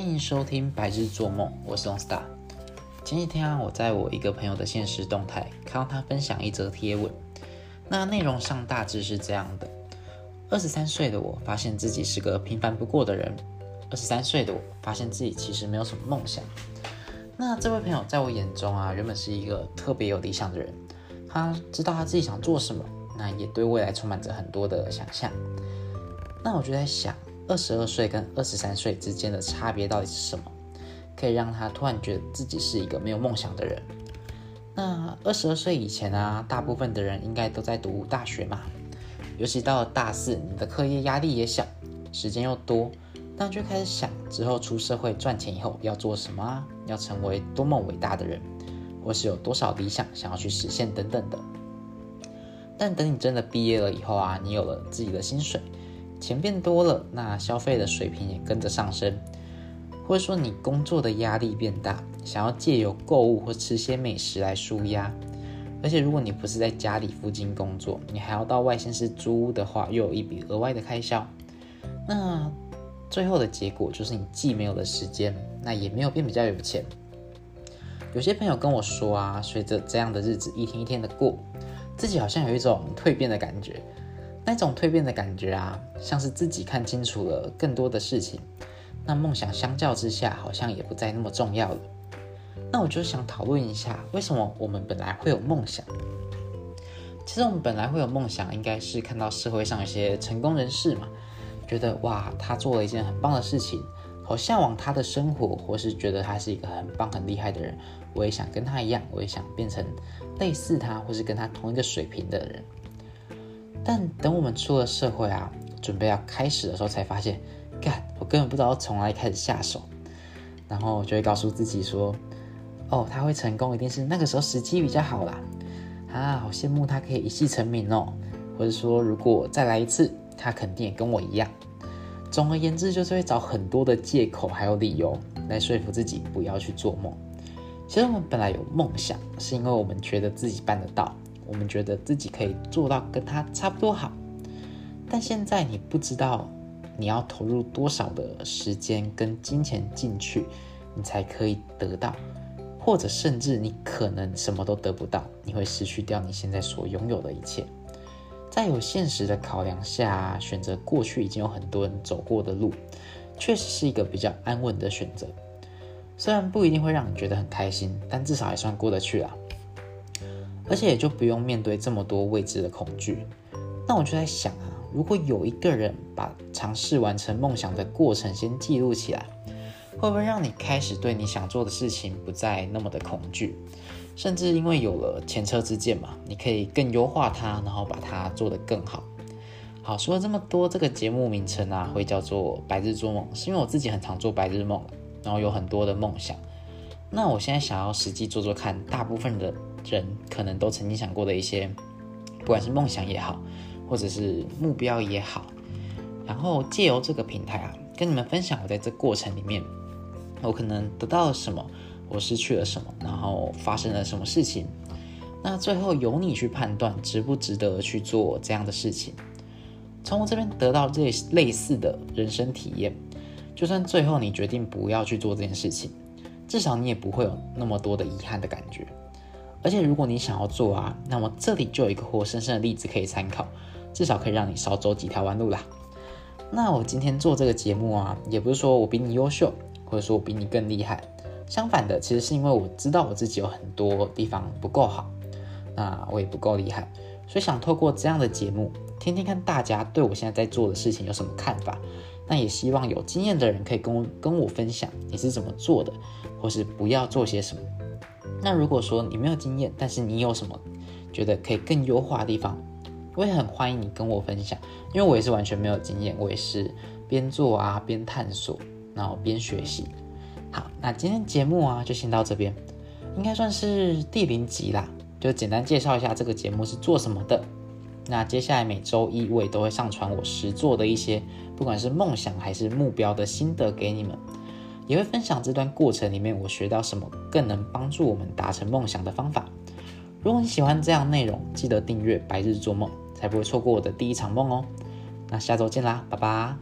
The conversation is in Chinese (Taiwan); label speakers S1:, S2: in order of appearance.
S1: 歡迎收聽《白日做夢》，我是龍 star。前幾天啊，我在我一個朋友的現實動態看到他分享一則貼文，那內容上大致是這樣的：二十三歲的我發現自己是個平凡不過的人；二十三歲的我發現自己其實沒有什麼夢想。那這位朋友在我眼中啊，原本是一個特別有理想的人，他知道他自己想做什麼，那也對未來充滿着很多的想象。那我就在想。二十二歲跟二十三歲之間的差別到底是什麼？可以讓他突然覺得自己是一個沒有夢想的人。那二十二歲以前啊，大部分的人應該都在讀大學嘛，尤其到了大四，你的課業壓力也小，時間又多，那就開始想之後出社會賺錢以後要做什麼啊？要成為多麼偉大的人，或是有多少理想想要去實現等等的。但等你真的畢業了以後啊，你有了自己的薪水。錢變多了，那消費的水平也跟着上升，或者說你工作的壓力變大，想要借由購物或吃些美食來舒壓。而且如果你不是在家裡附近工作，你還要到外縣市租屋的話，又有一筆額外的開銷。那最後的結果就是你既沒有了時間，那也沒有變比較有錢。有些朋友跟我說啊，隨着這樣的日子一天一天的過，自己好像有一種蛻變的感覺。那種蛻變的感覺啊，像是自己看清楚了更多的事情，那夢想相較之下好像也不再那麼重要了。那我就想討論一下，為什麼我們本來會有夢想？其實我們本來會有夢想，應該是看到社會上一些成功人士嘛，覺得哇，他做了一件很棒的事情，好向往他的生活，或是覺得他是一個很棒很厲害的人，我也想跟他一樣，我也想變成類似他，或是跟他同一個水平的人。但等我們出了社會啊，準備要開始的時候，才發現，幹，我根本不知道從哪裡開始下手。然後我就會告訴自己說，哦，他會成功，一定是那個時候時機比較好啦。啊，好羨慕他可以一夕成名哦。或者說，如果再來一次，他肯定也跟我一樣。總而言之，就是會找很多的借口還有理由來說服自己不要去做夢。其實我們本來有夢想，是因為我們覺得自己辦得到。我們覺得自己可以做到跟他差不多好，但現在你不知道你要投入多少的時間跟金錢進去，你才可以得到，或者甚至你可能什麼都得不到，你會失去掉你現在所擁有的一切。在有現實的考量下，選擇過去已經有很多人走過的路，確實是一個比較安穩的選擇。雖然不一定會讓你覺得很開心，但至少也算過得去了。而且也就不用面對這麼多未知的恐懼。那我就在想啊，如果有一個人把嘗試完成夢想的過程先記錄起來，會不會讓你開始對你想做的事情不再那麼的恐懼？甚至因為有了前車之鑑嘛，你可以更優化它，然後把它做得更好。好，說了這麼多，這個節目名稱啊，會叫做《白日做夢》，是因為我自己很常做白日夢，然後有很多的夢想。那我現在想要實際做做看，大部分人。人可能都曾經想過的一些，不管是夢想也好，或者是目標也好，然後借由這個平台啊，跟你們分享我在這過程裡面，我可能得到了什麼，我失去了什麼，然後發生了什麼事情。那最後由你去判斷值不值得去做這樣的事情。從我這邊得到這類似的人生體驗，就算最後你決定不要去做這件事情，至少你也不會有那麼多的遺憾的感覺。而且如果你想要做啊，那麼這裡就有一個活生生的例子可以參考，至少可以讓你少走幾條彎路啦。那我今天做這個節目啊，也不是說我比你優秀，或者說我比你更厲害，相反的，其實是因為我知道我自己有很多地方不夠好，那我也不夠厲害，所以想透過這樣的節目，聽聽看大家對我現在在做的事情有什麼看法，那也希望有經驗的人可以跟跟我分享你是怎麼做的，或是不要做些什麼。那如果說你沒有經驗，但是你有什麼覺得可以更優化的地方，我也很歡迎你跟我分享，因為我也是完全沒有經驗，我也是邊做啊邊探索，然後邊學習。好，那今天節目啊就先到這邊，應該算是第零集啦，就簡單介紹一下這個節目是做什麼的。那接下來每周一我也都會上傳我實做的一些，不管是夢想還是目標的心得給你們。也會分享這段過程裡面我學到什麼更能幫助我們達成夢想的方法。如果你喜歡這樣的內容，記得訂閱《白日做夢》，才不會錯過我的第一場夢哦。那下周見啦，拜拜。